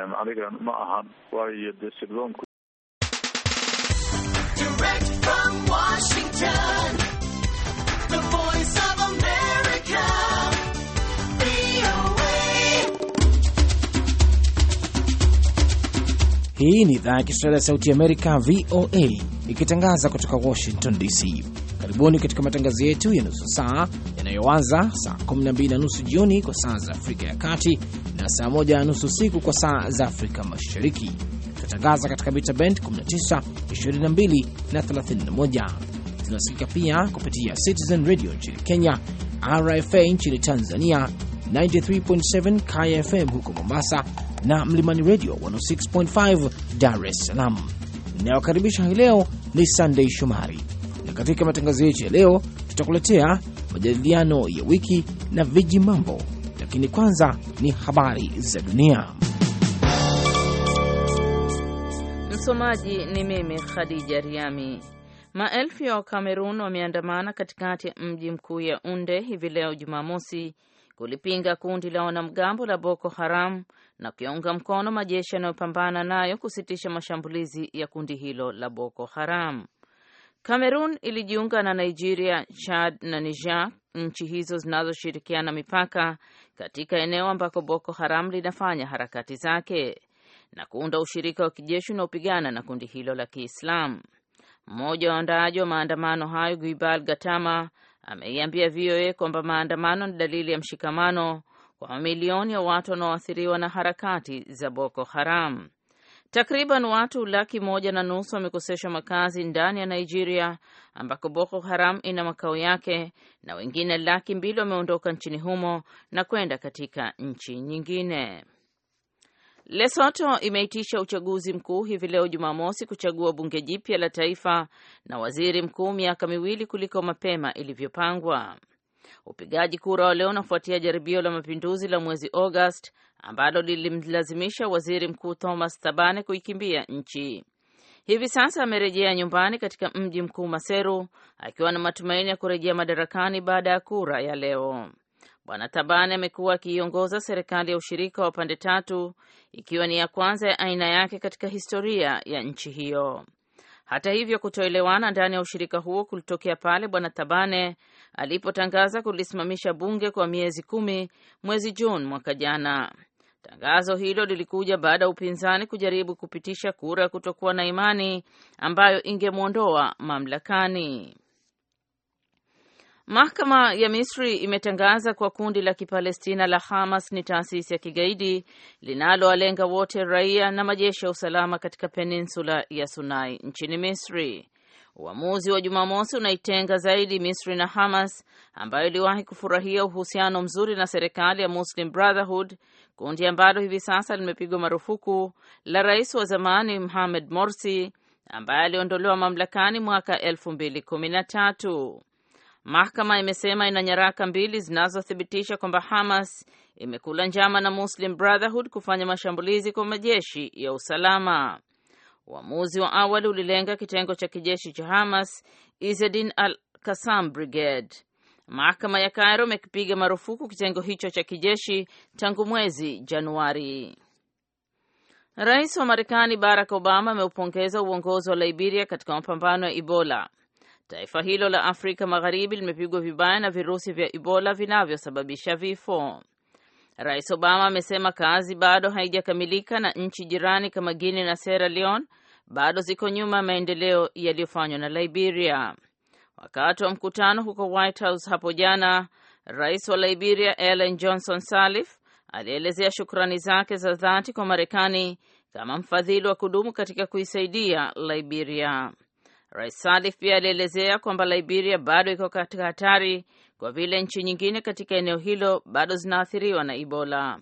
anigan ma ahan waayo dee sirdoonku Hii ni idhaa ya Kiswahili ya Sauti Amerika, VOA, ikitangaza kutoka Washington DC. Karibuni katika matangazo yetu ya nusu saa yanayoanza saa 12 na nusu jioni kwa saa za Afrika ya Kati na saa 1 na nusu usiku kwa saa za Afrika Mashariki. Tunatangaza katika mita bend 19, 22 na 31. Tunasikika pia kupitia Citizen Radio nchini Kenya, RFA nchini Tanzania, 93.7 KFM huko Mombasa na Mlimani Radio 106.5 Dar es Salaam. Inayokaribisha hii leo ni Sunday Shumari na katika matangazo yetu ya leo tutakuletea majadiliano ya wiki na viji mambo, lakini kwanza ni habari za dunia. Msomaji ni mimi Khadija Riami. Maelfu ya Wakamerun wameandamana katikati ya mji mkuu ya unde hivi leo Jumamosi kulipinga kundi la wanamgambo la Boko Haram na kuyaunga mkono majeshi yanayopambana nayo kusitisha mashambulizi ya kundi hilo la Boko Haram. Kamerun ilijiunga na Nigeria, Chad na Niger, nchi hizo zinazoshirikiana mipaka katika eneo ambako Boko Haram linafanya harakati zake na kuunda ushirika wa kijeshi unaopigana na kundi hilo la Kiislamu. Mmoja wa waandaaji wa maandamano hayo Guibal Gatama ameiambia VOA kwamba maandamano ni dalili ya mshikamano kwa mamilioni ya watu wanaoathiriwa na harakati za Boko Haram. Takriban watu laki moja na nusu wamekoseshwa makazi ndani ya Nigeria ambako Boko Haram ina makao yake na wengine laki mbili wameondoka nchini humo na kwenda katika nchi nyingine. Lesoto imeitisha uchaguzi mkuu hivi leo Jumamosi kuchagua bunge jipya la taifa na waziri mkuu miaka miwili kuliko mapema ilivyopangwa. Upigaji kura wa leo unafuatia jaribio la mapinduzi la mwezi August ambalo lilimlazimisha waziri mkuu Thomas Thabane kuikimbia nchi. Hivi sasa amerejea nyumbani katika mji mkuu Maseru akiwa na matumaini ya kurejea madarakani baada ya kura ya leo. Bwana Thabane amekuwa akiiongoza serikali ya ushirika wa pande tatu ikiwa ni ya kwanza ya aina yake katika historia ya nchi hiyo. Hata hivyo, kutoelewana ndani ya ushirika huo kulitokea pale Bwana Thabane alipotangaza kulisimamisha bunge kwa miezi kumi mwezi Juni mwaka jana. Tangazo hilo lilikuja baada ya upinzani kujaribu kupitisha kura ya kutokuwa na imani ambayo ingemwondoa mamlakani. Mahakama ya Misri imetangaza kwa kundi la Kipalestina la Hamas ni taasisi ya kigaidi linalowalenga wote raia na majeshi ya usalama katika peninsula ya Sinai nchini Misri. Uamuzi wa Jumamosi unaitenga zaidi Misri na Hamas ambayo iliwahi kufurahia uhusiano mzuri na serikali ya Muslim Brotherhood, kundi ambalo hivi sasa limepigwa marufuku, la rais wa zamani Mohamed Morsi ambaye aliondolewa mamlakani mwaka 2013. Mahakama imesema ina nyaraka mbili zinazothibitisha kwamba Hamas imekula njama na Muslim Brotherhood kufanya mashambulizi kwa majeshi ya usalama. Uamuzi wa awali ulilenga kitengo cha kijeshi cha Hamas, isedin al Kasam Brigade. Mahakama ya Cairo imekipiga marufuku kitengo hicho cha kijeshi tangu mwezi Januari. Rais wa Marekani Barack Obama ameupongeza uongozi wa Liberia katika mapambano ya Ebola Taifa hilo la Afrika Magharibi limepigwa vibaya na virusi vya Ebola vinavyosababisha vifo. Rais Obama amesema kazi bado haijakamilika na nchi jirani kama Guinea na Sierra Leone bado ziko nyuma ya maendeleo yaliyofanywa na Liberia. Wakati wa mkutano huko White House hapo jana, rais wa Liberia Ellen Johnson Sirleaf alielezea shukrani zake za dhati kwa Marekani kama mfadhili wa kudumu katika kuisaidia Liberia. Rais Salif pia alielezea kwamba Liberia bado iko katika hatari kwa vile nchi nyingine katika eneo hilo bado zinaathiriwa na Ebola.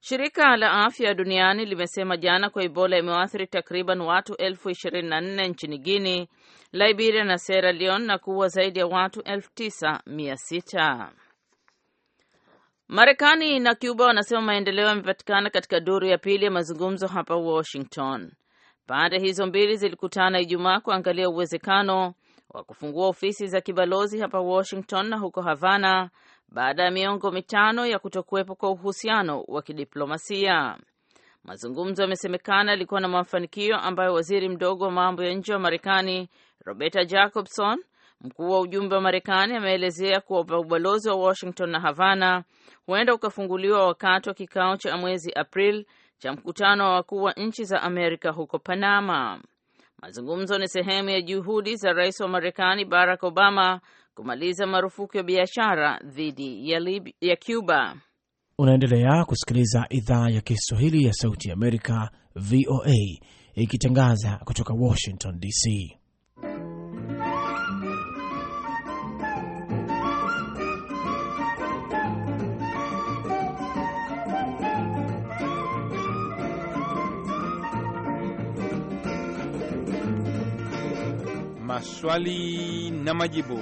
Shirika la Afya Duniani limesema jana kwa Ebola imewaathiri takriban watu elfu ishirini na nne nchini Guinea, Liberia na Sierra Leone na kuua zaidi ya watu elfu tisa mia sita. Marekani na Cuba wanasema maendeleo yamepatikana katika duru ya pili ya mazungumzo hapa Washington. Pande hizo mbili zilikutana Ijumaa kuangalia uwezekano wa kufungua ofisi za kibalozi hapa Washington na huko Havana baada ya miongo mitano ya kutokuwepo kwa uhusiano wa kidiplomasia. Mazungumzo yamesemekana yalikuwa na mafanikio ambayo waziri mdogo wa mambo ya nje wa Marekani Roberta Jacobson, mkuu wa ujumbe wa Marekani, ameelezea kuwa ubalozi wa Washington na Havana huenda ukafunguliwa wakati wa kikao cha mwezi Aprili cha mkutano wa wakuu wa nchi za Amerika huko Panama. Mazungumzo ni sehemu ya juhudi za rais wa Marekani Barack Obama kumaliza marufuku ya biashara dhidi ya, ya Cuba. Unaendelea kusikiliza idhaa ya Kiswahili ya Sauti ya Amerika, VOA, ikitangaza kutoka Washington DC. maswali na majibu.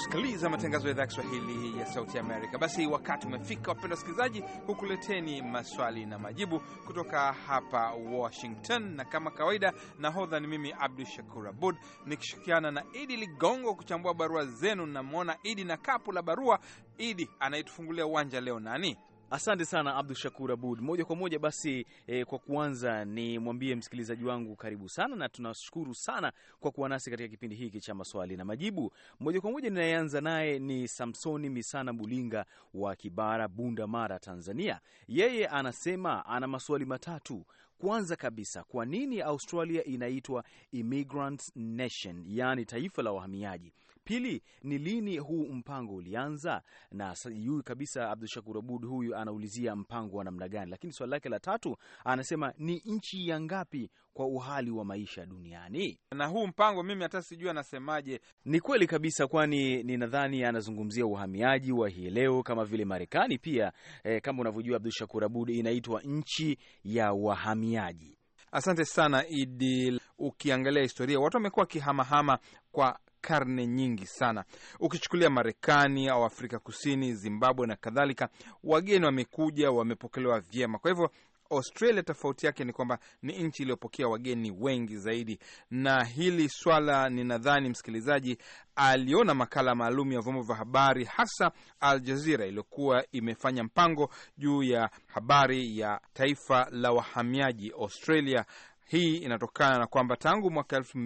kusikiliza matangazo ya idhaa ya Kiswahili ya Sauti Amerika. Basi wakati umefika, wapenda wasikilizaji, kukuleteni maswali na majibu kutoka hapa Washington, na kama kawaida, nahodha ni mimi Abdu Shakur Abud nikishirikiana na Idi Ligongo kuchambua barua zenu. Namwona Idi na kapu la barua. Idi, anayetufungulia uwanja leo nani? Asante sana Abdu Shakur Abud. Moja kwa moja basi eh, kwa kuanza ni mwambie msikilizaji wangu karibu sana, na tunashukuru sana kwa kuwa nasi katika kipindi hiki cha maswali na majibu. Moja kwa moja ninayeanza naye ni Samsoni Misana Bulinga wa Kibara, Bunda, Mara, Tanzania. Yeye anasema ana maswali matatu. Kwanza kabisa, kwa nini Australia inaitwa immigrant nation, yaani taifa la wahamiaji? Pili ni lini huu mpango ulianza, na sijui kabisa Abdu Shakur Abud huyu anaulizia mpango wa namna gani. Lakini swali lake la tatu anasema ni nchi ya ngapi kwa uhali wa maisha duniani, na huu mpango mimi hata sijui anasemaje. Ni kweli kabisa, kwani ninadhani anazungumzia uhamiaji wa hii leo kama vile Marekani pia eh, kama unavyojua Abdu Shakur Abud inaitwa nchi ya wahamiaji. Asante sana Idi. Ukiangalia historia, watu wamekuwa wakihamahama kwa karne nyingi sana. Ukichukulia Marekani au Afrika Kusini, Zimbabwe na kadhalika, wageni wamekuja, wamepokelewa vyema. Kwa hivyo Australia tofauti yake ni kwamba ni nchi iliyopokea wageni wengi zaidi, na hili swala ninadhani msikilizaji aliona makala maalum ya vyombo vya habari hasa Al Jazeera iliyokuwa imefanya mpango juu ya habari ya taifa la wahamiaji Australia hii inatokana na kwamba tangu mwaka elfu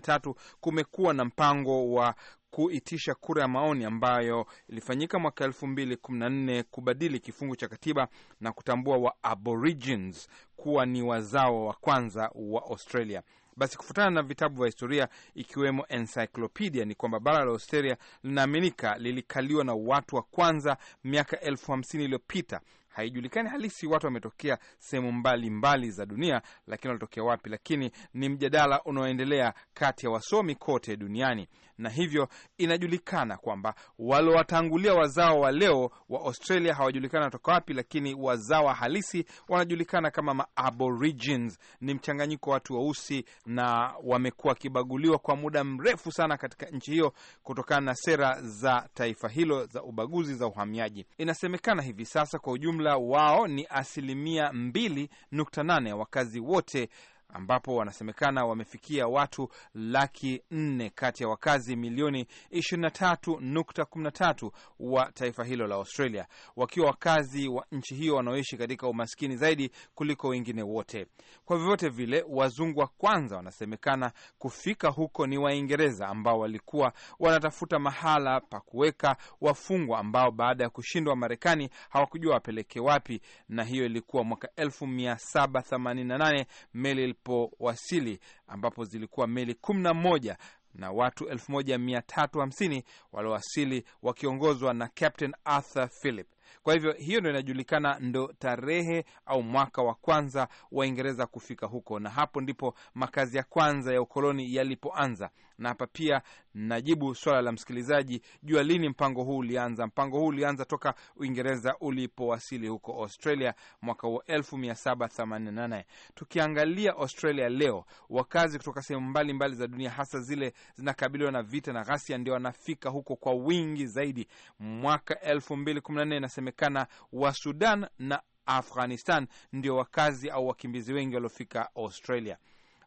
tatu kumekuwa na mpango wa kuitisha kura ya maoni ambayo ilifanyika mwaka elfu nne kubadili kifungu cha katiba na kutambua wa Aborigines kuwa ni wazao wa kwanza wa Australia. Basi kufutana na vitabu vya historia ikiwemo encyclopedia ni kwamba bara la Australia linaaminika lilikaliwa na watu wa kwanza miaka elfu hamsini iliyopita haijulikani halisi. Watu wametokea sehemu mbalimbali za dunia, lakini walitokea wapi? Lakini ni mjadala unaoendelea kati ya wasomi kote duniani na hivyo inajulikana kwamba walowatangulia wazao wa leo wa Australia hawajulikana watoka wapi, lakini wa halisi wanajulikana kama maaborigines. Ni mchanganyiko wa watu weusi na wamekuwa wakibaguliwa kwa muda mrefu sana katika nchi hiyo kutokana na sera za taifa hilo za ubaguzi za uhamiaji. Inasemekana hivi sasa kwa ujumla wao ni asilimia 2.8 wakazi wote ambapo wanasemekana wamefikia watu laki nne kati ya wakazi milioni 23.13 wa taifa hilo la Australia, wakiwa wakazi wa nchi hiyo wanaoishi katika umaskini zaidi kuliko wengine wote. Kwa vyovyote vile, wazungu wa kwanza wanasemekana kufika huko ni Waingereza ambao walikuwa wanatafuta mahala pa kuweka wafungwa ambao baada ya kushindwa Marekani hawakujua wapeleke wapi, na hiyo ilikuwa mwaka 1788 meli zilipowasili ambapo zilikuwa meli kumi na moja na watu 1350 waliowasili wakiongozwa na Captain Arthur Philip. Kwa hivyo hiyo ndo inajulikana ndo tarehe au mwaka wa kwanza Waingereza kufika huko, na hapo ndipo makazi ya kwanza ya ukoloni yalipoanza, na hapa pia najibu swala la msikilizaji, jua lini mpango huu ulianza. Mpango huu ulianza toka Uingereza ulipowasili huko Australia mwaka huo 1788. Tukiangalia Australia leo, wakazi kutoka sehemu mbalimbali za dunia, hasa zile zinakabiliwa na vita na ghasia, ndio wanafika huko kwa wingi zaidi. Mwaka 214 inasemekana wa Sudan na Afghanistan ndio wakazi au wakimbizi wengi waliofika Australia.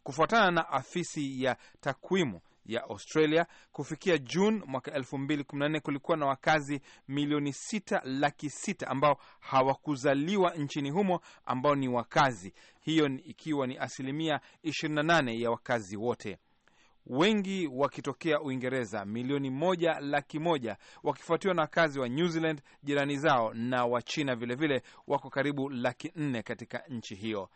Kufuatana na afisi ya takwimu ya Australia kufikia Juni mwaka 2014 kulikuwa na wakazi milioni sita laki sita ambao hawakuzaliwa nchini humo ambao ni wakazi, hiyo ikiwa ni asilimia 28 ya wakazi wote wengi wakitokea Uingereza, milioni moja laki moja wakifuatiwa na wakazi wa New Zealand jirani zao, na Wachina vilevile wako karibu laki nne katika nchi hiyo.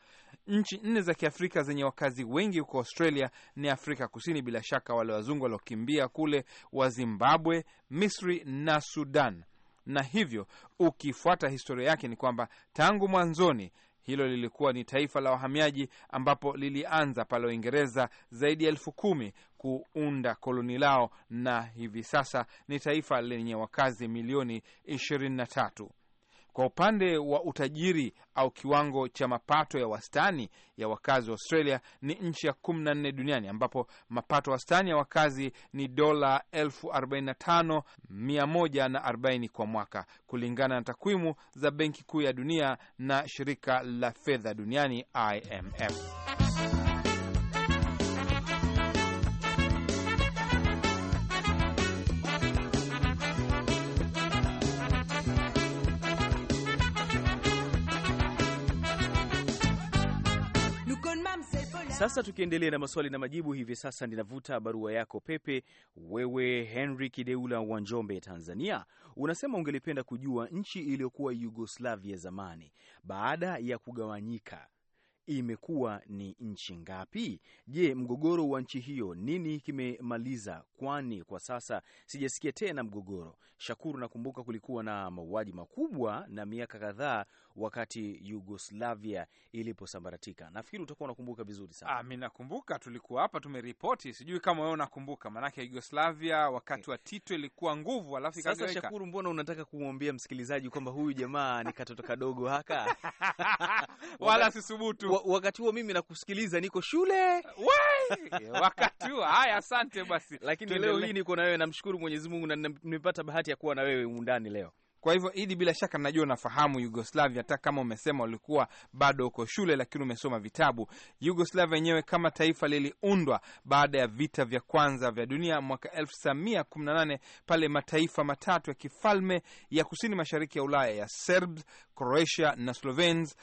Nchi nne za Kiafrika zenye wakazi wengi huko Australia ni Afrika Kusini, bila shaka wale wazungu waliokimbia kule, wa Zimbabwe, Misri na Sudan na hivyo ukifuata historia yake ni kwamba tangu mwanzoni hilo lilikuwa ni taifa la wahamiaji ambapo lilianza pale Uingereza zaidi ya elfu kumi kuunda koloni lao, na hivi sasa ni taifa lenye wakazi milioni na tatu kwa upande wa utajiri au kiwango cha mapato ya wastani ya wakazi wa Australia ni nchi ya kumi na nne duniani ambapo mapato wastani ya wakazi ni dola elfu arobaini na tano mia moja na arobaini kwa mwaka kulingana na takwimu za Benki Kuu ya Dunia na shirika la fedha duniani IMF. Sasa tukiendelea na maswali na majibu, hivi sasa ninavuta barua yako pepe. Wewe Henry Kideula wa Njombe, Tanzania, unasema ungelipenda kujua nchi iliyokuwa Yugoslavia zamani baada ya kugawanyika imekuwa ni nchi ngapi? Je, mgogoro wa nchi hiyo nini kimemaliza? Kwani kwa sasa sijasikia tena mgogoro. Shakuru, nakumbuka kulikuwa na mauaji makubwa na miaka kadhaa wakati Yugoslavia iliposambaratika. Nafikiri utakuwa unakumbuka vizuri sana. Ah, mi nakumbuka, tulikuwa hapa tumeripoti, sijui kama wewe unakumbuka, maanake Yugoslavia wakati wa Tito ilikuwa nguvu, alafu sasa. Shakuru, mbona unataka kumwambia msikilizaji kwamba huyu jamaa ni katoto kadogo haka? wala sisubutu. Wakati huo mimi nakusikiliza, niko shule wakati huo. Haya, asante basi, lakini leo hii niko na wewe, namshukuru Mwenyezi Mungu na nimepata bahati ya kuwa na wewe undani leo. Kwa hivyo Idi, bila shaka najua unafahamu Yugoslavia, hata kama umesema ulikuwa bado uko shule, lakini umesoma vitabu. Yugoslavia yenyewe kama taifa liliundwa baada ya vita vya kwanza vya dunia mwaka 1918 pale mataifa matatu ya kifalme ya kusini mashariki ya Ulaya ya Serbs, Croatia na Slovenes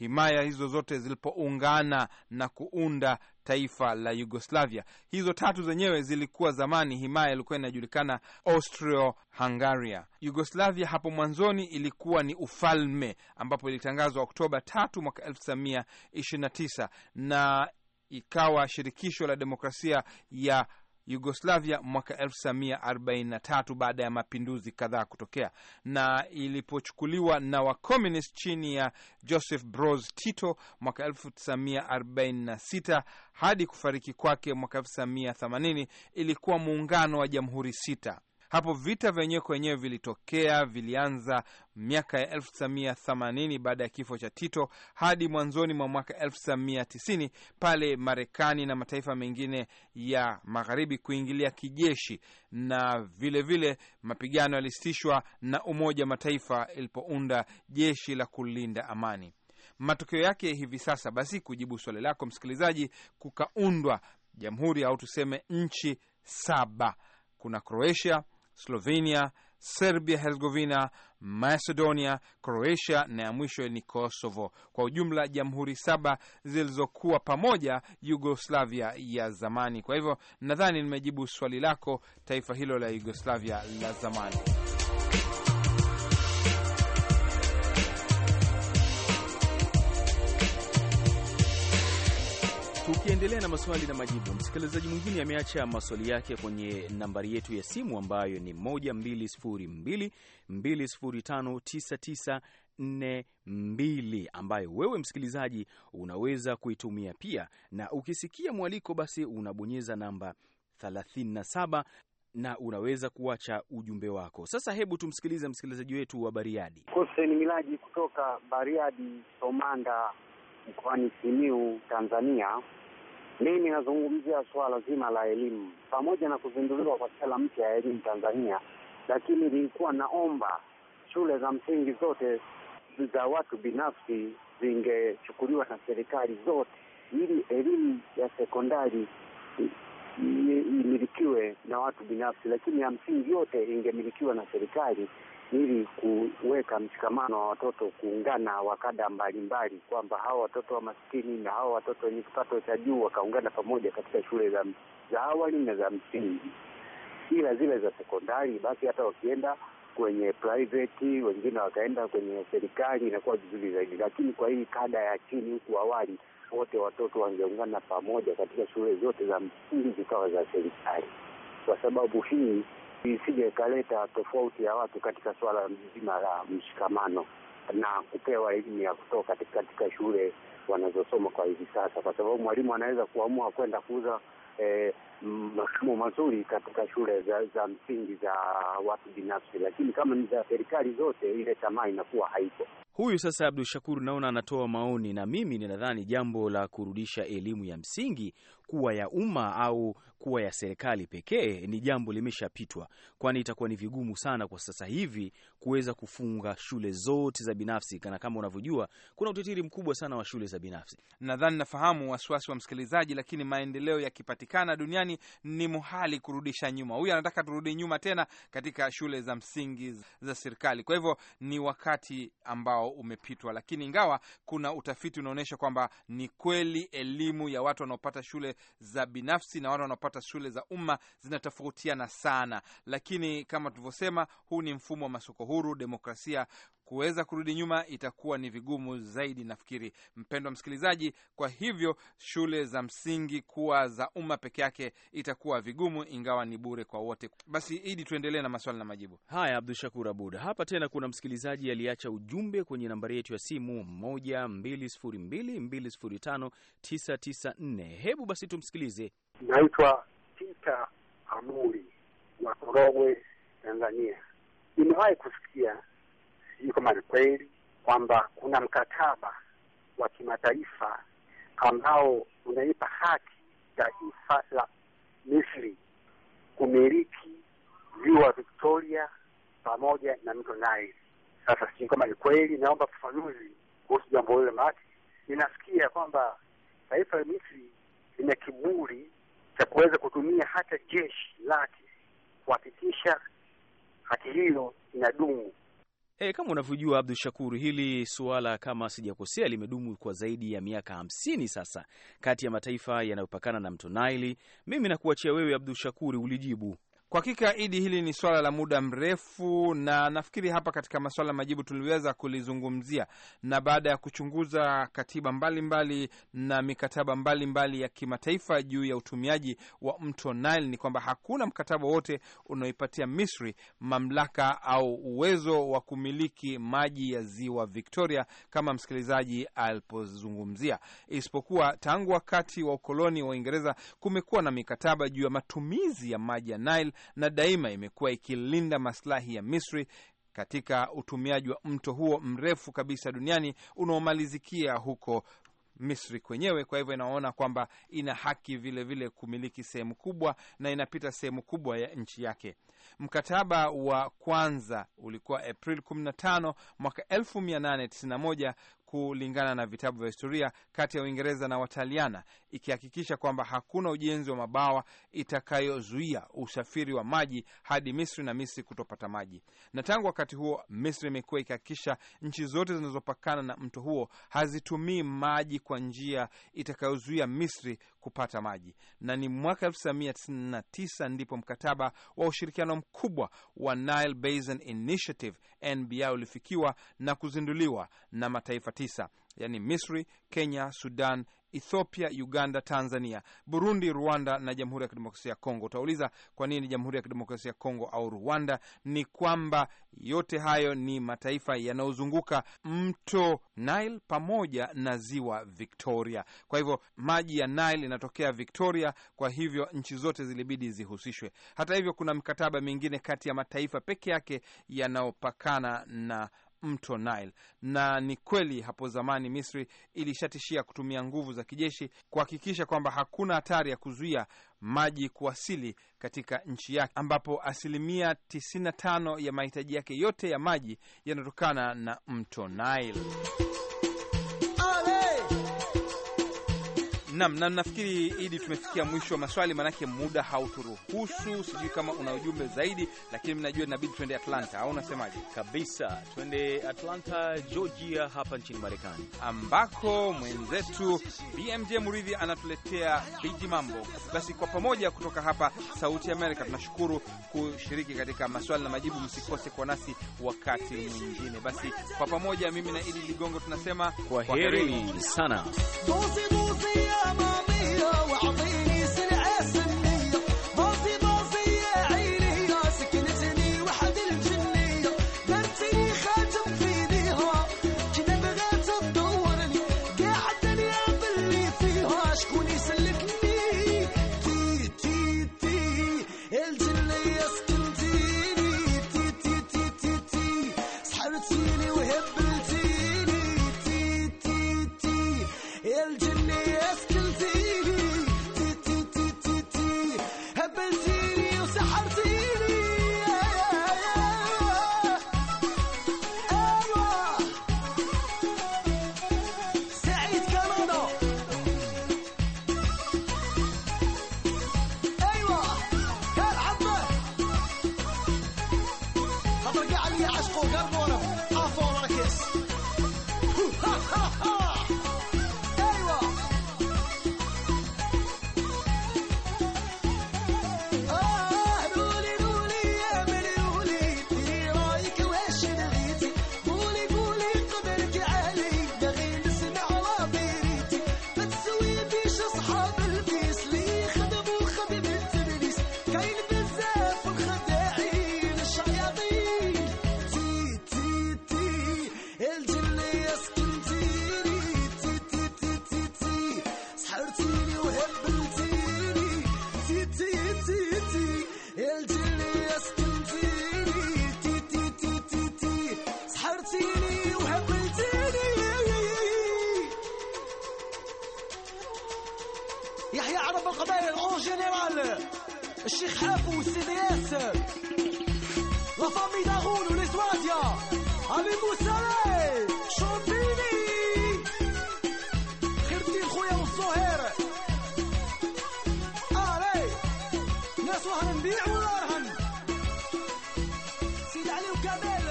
Himaya hizo zote zilipoungana na kuunda taifa la Yugoslavia. Hizo tatu zenyewe zilikuwa zamani, himaya ilikuwa inajulikana Austria Hungaria. Yugoslavia hapo mwanzoni ilikuwa ni ufalme ambapo ilitangazwa Oktoba tatu mwaka 1929 na ikawa shirikisho la demokrasia ya Yugoslavia mwaka 1943 baada ya mapinduzi kadhaa kutokea, na ilipochukuliwa na wakomunist chini ya Joseph Broz Tito mwaka 1946 hadi kufariki kwake mwaka 1980, ilikuwa muungano wa jamhuri sita. Hapo vita vyenyewe kwenyewe vilitokea, vilianza miaka ya 1980 baada ya kifo cha Tito hadi mwanzoni mwa mwaka 1990 pale Marekani na mataifa mengine ya magharibi kuingilia kijeshi, na vilevile vile mapigano yalisitishwa na Umoja wa Mataifa ilipounda jeshi la kulinda amani. Matokeo yake hivi sasa, basi kujibu swali lako msikilizaji, kukaundwa jamhuri au tuseme nchi saba. Kuna Croatia, Slovenia, Serbia Herzegovina, Macedonia, Croatia na ya mwisho ni Kosovo. Kwa ujumla jamhuri saba zilizokuwa pamoja Yugoslavia ya zamani. Kwa hivyo nadhani nimejibu swali lako, taifa hilo la Yugoslavia la zamani. Tukiendelea na maswali na majibu, msikilizaji mwingine ameacha maswali yake kwenye nambari yetu ya simu ambayo ni 12022059942 ambayo wewe msikilizaji unaweza kuitumia pia, na ukisikia mwaliko basi unabonyeza namba 37 na unaweza kuacha ujumbe wako. Sasa hebu tumsikilize msikilizaji wetu wa Bariadi, Hussein Milaji kutoka Bariadi Somanda mkoani Simiu, Tanzania. Mimi nazungumzia suala zima la elimu, pamoja na kuzinduliwa kwa sera mpya ya elimu Tanzania, lakini nilikuwa naomba shule za msingi zote za watu binafsi zingechukuliwa na serikali zote, ili elimu ya sekondari imilikiwe na watu binafsi, lakini ya msingi yote ingemilikiwa na serikali ili kuweka mshikamano wa watoto kuungana wa kada mbalimbali, kwamba hawa watoto wa maskini na hawa watoto wenye kipato cha juu wakaungana pamoja katika shule za, za awali na za msingi, ila zile za sekondari basi hata wakienda kwenye private wengine wakaenda kwenye serikali inakuwa vizuri zaidi, lakini kwa hii kada ya chini huku awali wote watoto wangeungana pamoja katika shule zote za msingi zikawa za serikali, kwa sababu hii isije ikaleta tofauti ya watu katika suala mzima la mshikamano na kupewa elimu ya kutoka katika shule wanazosoma kwa hivi sasa, kwa sababu mwalimu anaweza kuamua kwenda kuuza eh, masomo mazuri katika shule za, za msingi za watu binafsi, lakini kama ni za serikali zote, ile tamaa inakuwa haipo. Huyu sasa abdu Shakur naona anatoa maoni, na mimi ninadhani jambo la kurudisha elimu ya msingi kuwa ya umma au kuwa ya serikali pekee ni jambo limeshapitwa, kwani itakuwa ni vigumu sana kwa sasa hivi kuweza kufunga shule zote za binafsi, kana kama unavyojua kuna utitiri mkubwa sana wa shule za binafsi. Nadhani nafahamu wasiwasi wa msikilizaji, lakini maendeleo yakipatikana duniani ni muhali kurudisha nyuma. Huyu anataka turudi nyuma tena katika shule za msingi za serikali. Kwa hivyo ni wakati ambao ambao umepitwa. Lakini ingawa kuna utafiti unaonyesha kwamba ni kweli elimu ya watu wanaopata shule za binafsi na watu wanaopata shule za umma zinatofautiana sana, lakini kama tulivyosema, huu ni mfumo wa masoko huru, demokrasia kuweza kurudi nyuma itakuwa ni vigumu zaidi, nafikiri mpendwa msikilizaji. Kwa hivyo shule za msingi kuwa za umma peke yake itakuwa vigumu, ingawa ni bure kwa wote. Basi Idi, tuendelee na maswali na majibu haya. Abdu Shakur Abud hapa tena, kuna msikilizaji aliacha ujumbe kwenye nambari yetu ya simu 120220599 hebu basi tumsikilize. Naitwa Peter Amuri wa Korogwe, Tanzania. Nimewahi kusikia kama ni kweli kwamba kuna mkataba wa kimataifa ambao unaipa haki taifa la Misri kumiliki ziwa Victoria pamoja na mto Nile. Sasa sijui kama ni kweli, naomba fafanuzi kuhusu jambo hilo, maana ninasikia kwamba taifa la Misri lina kiburi cha kuweza kutumia hata jeshi lake kuhakikisha haki hiyo inadumu. E, kama unavyojua Abdu Shakur, hili suala kama sijakosea limedumu kwa zaidi ya miaka hamsini sasa kati ya mataifa yanayopakana na mto Naili. Mimi nakuachia wewe Abdu Shakur ulijibu kwa hakika Idi, hili ni swala la muda mrefu, na nafikiri hapa katika maswala majibu tuliweza kulizungumzia, na baada ya kuchunguza katiba mbalimbali mbali na mikataba mbalimbali mbali ya kimataifa juu ya utumiaji wa mto Nile ni kwamba hakuna mkataba wote unaoipatia Misri mamlaka au uwezo wa kumiliki maji ya ziwa Victoria kama msikilizaji alipozungumzia, isipokuwa tangu wakati wa ukoloni wa Uingereza kumekuwa na mikataba juu ya matumizi ya maji ya Nile na daima imekuwa ikilinda maslahi ya Misri katika utumiaji wa mto huo mrefu kabisa duniani unaomalizikia huko Misri kwenyewe. Kwa hivyo inaona kwamba ina haki vilevile vile kumiliki sehemu kubwa na inapita sehemu kubwa ya nchi yake. Mkataba wa kwanza ulikuwa Aprili 15 mwaka 1891 kulingana na vitabu vya historia kati ya Uingereza na Wataliana, ikihakikisha kwamba hakuna ujenzi wa mabawa itakayozuia usafiri wa maji hadi Misri na Misri kutopata maji. Na tangu wakati huo Misri imekuwa ikihakikisha nchi zote zinazopakana na mto huo hazitumii maji kwa njia itakayozuia Misri kupata maji, na ni mwaka 1999 ndipo mkataba wa ushirikiano mkubwa wa Nile Basin Initiative NBI ulifikiwa na kuzinduliwa na mataifa tisa, yaani Misri, Kenya, Sudan, Ethiopia, Uganda, Tanzania, Burundi, Rwanda na Jamhuri ya Kidemokrasia ya Kongo. Utauliza kwa nini Jamhuri ya Kidemokrasia ya Kongo au Rwanda? Ni kwamba yote hayo ni mataifa yanayozunguka mto Nile pamoja na ziwa Victoria. Kwa hivyo maji ya Nile inatokea Victoria, kwa hivyo nchi zote zilibidi zihusishwe. Hata hivyo, kuna mikataba mingine kati ya mataifa peke yake yanayopakana na mto Nile. Na ni kweli hapo zamani Misri ilishatishia kutumia nguvu za kijeshi kuhakikisha kwamba hakuna hatari ya kuzuia maji kuwasili katika nchi yake, ambapo asilimia 95 ya mahitaji yake yote ya maji yanatokana na mto Nile. Naam, na nafikiri Idi, tumefikia mwisho wa maswali, maanake muda hauturuhusu. Sijui kama una ujumbe zaidi, lakini mnajua inabidi twende Atlanta, au unasemaje? Kabisa, twende Atlanta, Georgia, hapa nchini Marekani, ambako mwenzetu BMJ Muridhi anatuletea biji mambo. Basi kwa pamoja, kutoka hapa Sauti Amerika, tunashukuru kushiriki katika maswali na majibu. Msikose kwa nasi wakati mwingine. Basi kwa pamoja, mimi na Idi Ligongo tunasema kwa heri sana. ماضيها وعظيمة الناس وهن نبيع ولا رهن سيد علي وكمال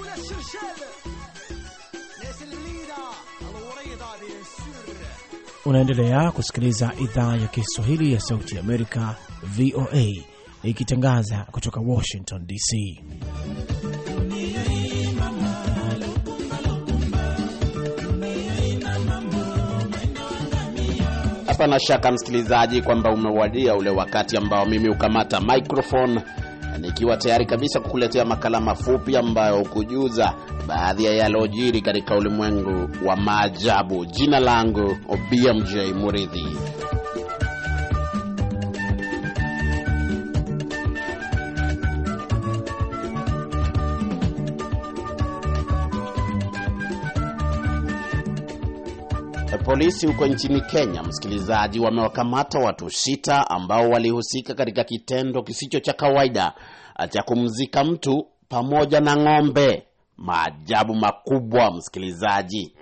ولا الشرشال ناس الليدة الوريضة Unaendelea kusikiliza idhaa ya Kiswahili ya Sauti ya Amerika, VOA, ikitangaza kutoka Washington DC. Hapana shaka msikilizaji, kwamba umewadia ule wakati ambao mimi hukamata microphone nikiwa tayari kabisa kukuletea makala mafupi ambayo hukujuza baadhi ya yalojiri katika ulimwengu wa maajabu. Jina langu BMJ Muridhi. Polisi huko nchini Kenya, msikilizaji, wamewakamata watu sita ambao walihusika katika kitendo kisicho cha kawaida cha kumzika mtu pamoja na ng'ombe. Maajabu makubwa, msikilizaji.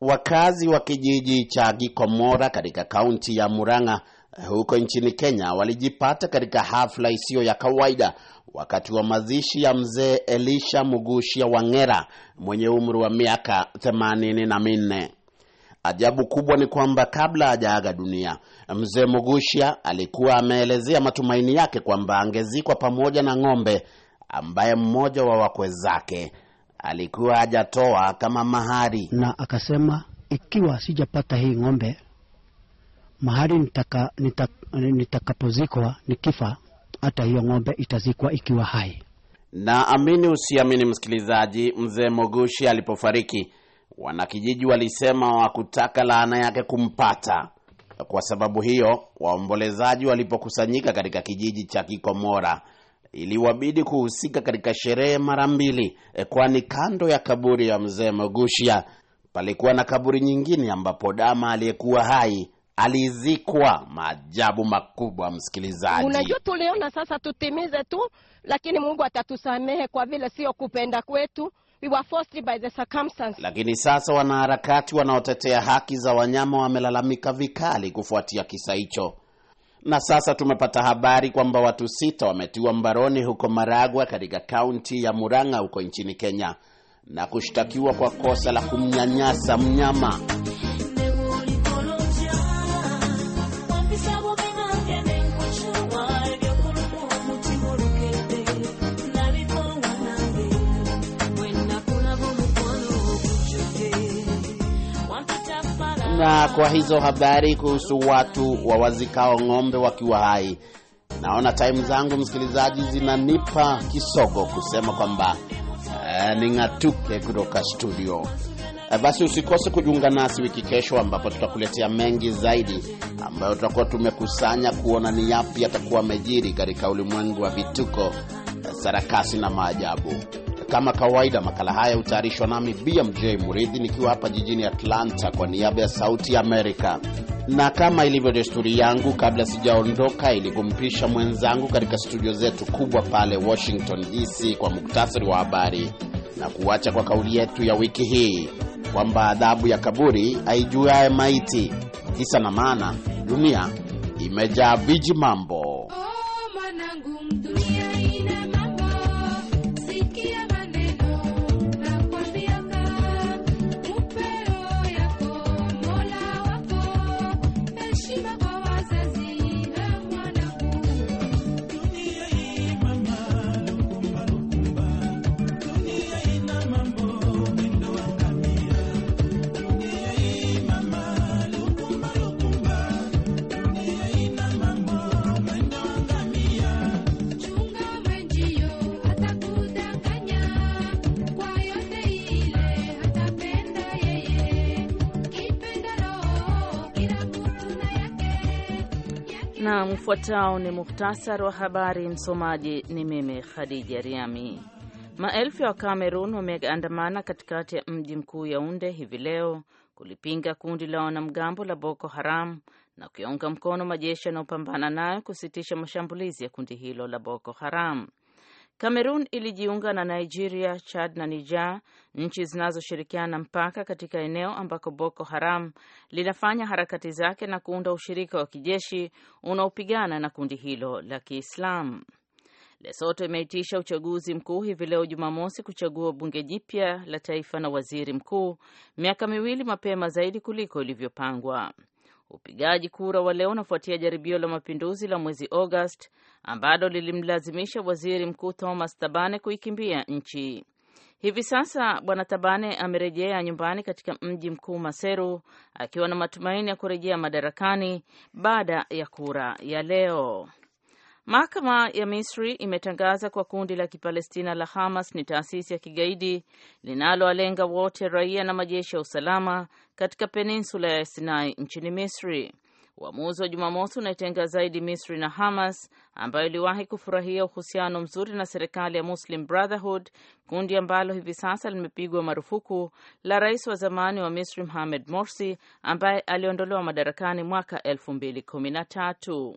Wakazi wa kijiji cha Gikomora katika kaunti ya Murang'a huko nchini Kenya walijipata katika hafla isiyo ya kawaida wakati wa mazishi ya mzee Elisha Mugushia Wangera mwenye umri wa miaka themanini na minne. Ajabu kubwa ni kwamba kabla hajaaga dunia, mzee Mugushia alikuwa ameelezea matumaini yake kwamba angezikwa pamoja na ng'ombe ambaye mmoja wa wakwe zake alikuwa hajatoa kama mahari, na akasema ikiwa sijapata hii ng'ombe mahari nitakapozikwa nitaka nikifa hata hiyo ng'ombe itazikwa ikiwa hai. Na amini usiamini, msikilizaji, mzee Mogushi alipofariki, wanakijiji walisema wakutaka laana yake kumpata. Kwa sababu hiyo, waombolezaji walipokusanyika katika kijiji cha Kikomora iliwabidi kuhusika katika sherehe mara mbili, eh, kwani kando ya kaburi ya mzee Mogushia palikuwa na kaburi nyingine ambapo dama aliyekuwa hai alizikwa. Maajabu makubwa, msikilizaji. Unajua, tuliona sasa tutimize tu, lakini Mungu atatusamehe kwa vile sio kupenda kwetu. We were forced by the circumstances. Lakini sasa wanaharakati wanaotetea haki za wanyama wamelalamika vikali kufuatia kisa hicho, na sasa tumepata habari kwamba watu sita wametiwa mbaroni huko Maragwa katika kaunti ya Murang'a huko nchini Kenya na kushtakiwa kwa kosa la kumnyanyasa mnyama. Na kwa hizo habari kuhusu watu wawazikao ng'ombe wakiwa hai, naona taimu zangu msikilizaji zinanipa kisogo kusema kwamba eh, ning'atuke kutoka studio. Eh, basi usikose kujiunga nasi wiki kesho, ambapo tutakuletea mengi zaidi ambayo tutakuwa tumekusanya kuona ni yapi yatakuwa amejiri katika ulimwengu wa vituko, eh, sarakasi na maajabu. Kama kawaida, makala haya hutayarishwa nami BMJ Muridhi nikiwa hapa jijini Atlanta kwa niaba ya Sauti ya Amerika, na kama ilivyo desturi yangu, kabla sijaondoka, ili kumpisha mwenzangu katika studio zetu kubwa pale Washington DC kwa muktasari wa habari na kuacha kwa kauli yetu ya wiki hii kwamba adhabu ya kaburi haijuaye maiti. Kisa na maana, dunia imejaa viji mambo. Naam, mfuatao ni muhtasari wa habari. Msomaji ni mimi Khadija Riami. Maelfu ya wa wameandamana katikati ya mji mkuu Yaunde hivi leo kulipinga kundi la wanamgambo la Boko Haram na kuyaunga mkono majeshi yanayopambana nayo kusitisha mashambulizi ya kundi hilo la Boko Haram. Kamerun ilijiunga na Nigeria, Chad na Niger, nchi zinazoshirikiana mpaka katika eneo ambako Boko Haram linafanya harakati zake na kuunda ushirika wa kijeshi unaopigana na kundi hilo la Kiislamu. Lesoto imeitisha uchaguzi mkuu hivi leo Jumamosi kuchagua bunge jipya la taifa na waziri mkuu, miaka miwili mapema zaidi kuliko ilivyopangwa. Upigaji kura wa leo unafuatia jaribio la mapinduzi la mwezi Agosti ambalo lilimlazimisha waziri mkuu Thomas Tabane kuikimbia nchi. Hivi sasa bwana Tabane amerejea nyumbani katika mji mkuu Maseru akiwa na matumaini ya kurejea madarakani baada ya kura ya leo. Mahakama ya Misri imetangaza kwa kundi la Kipalestina la Hamas ni taasisi ya kigaidi linalowalenga wote raia na majeshi ya usalama katika peninsula ya Sinai nchini Misri. Uamuzi wa Jumamosi unaitenga zaidi Misri na Hamas ambayo iliwahi kufurahia uhusiano mzuri na serikali ya Muslim Brotherhood, kundi ambalo hivi sasa limepigwa marufuku la rais wa zamani wa Misri Mohamed Morsi ambaye aliondolewa madarakani mwaka 2013.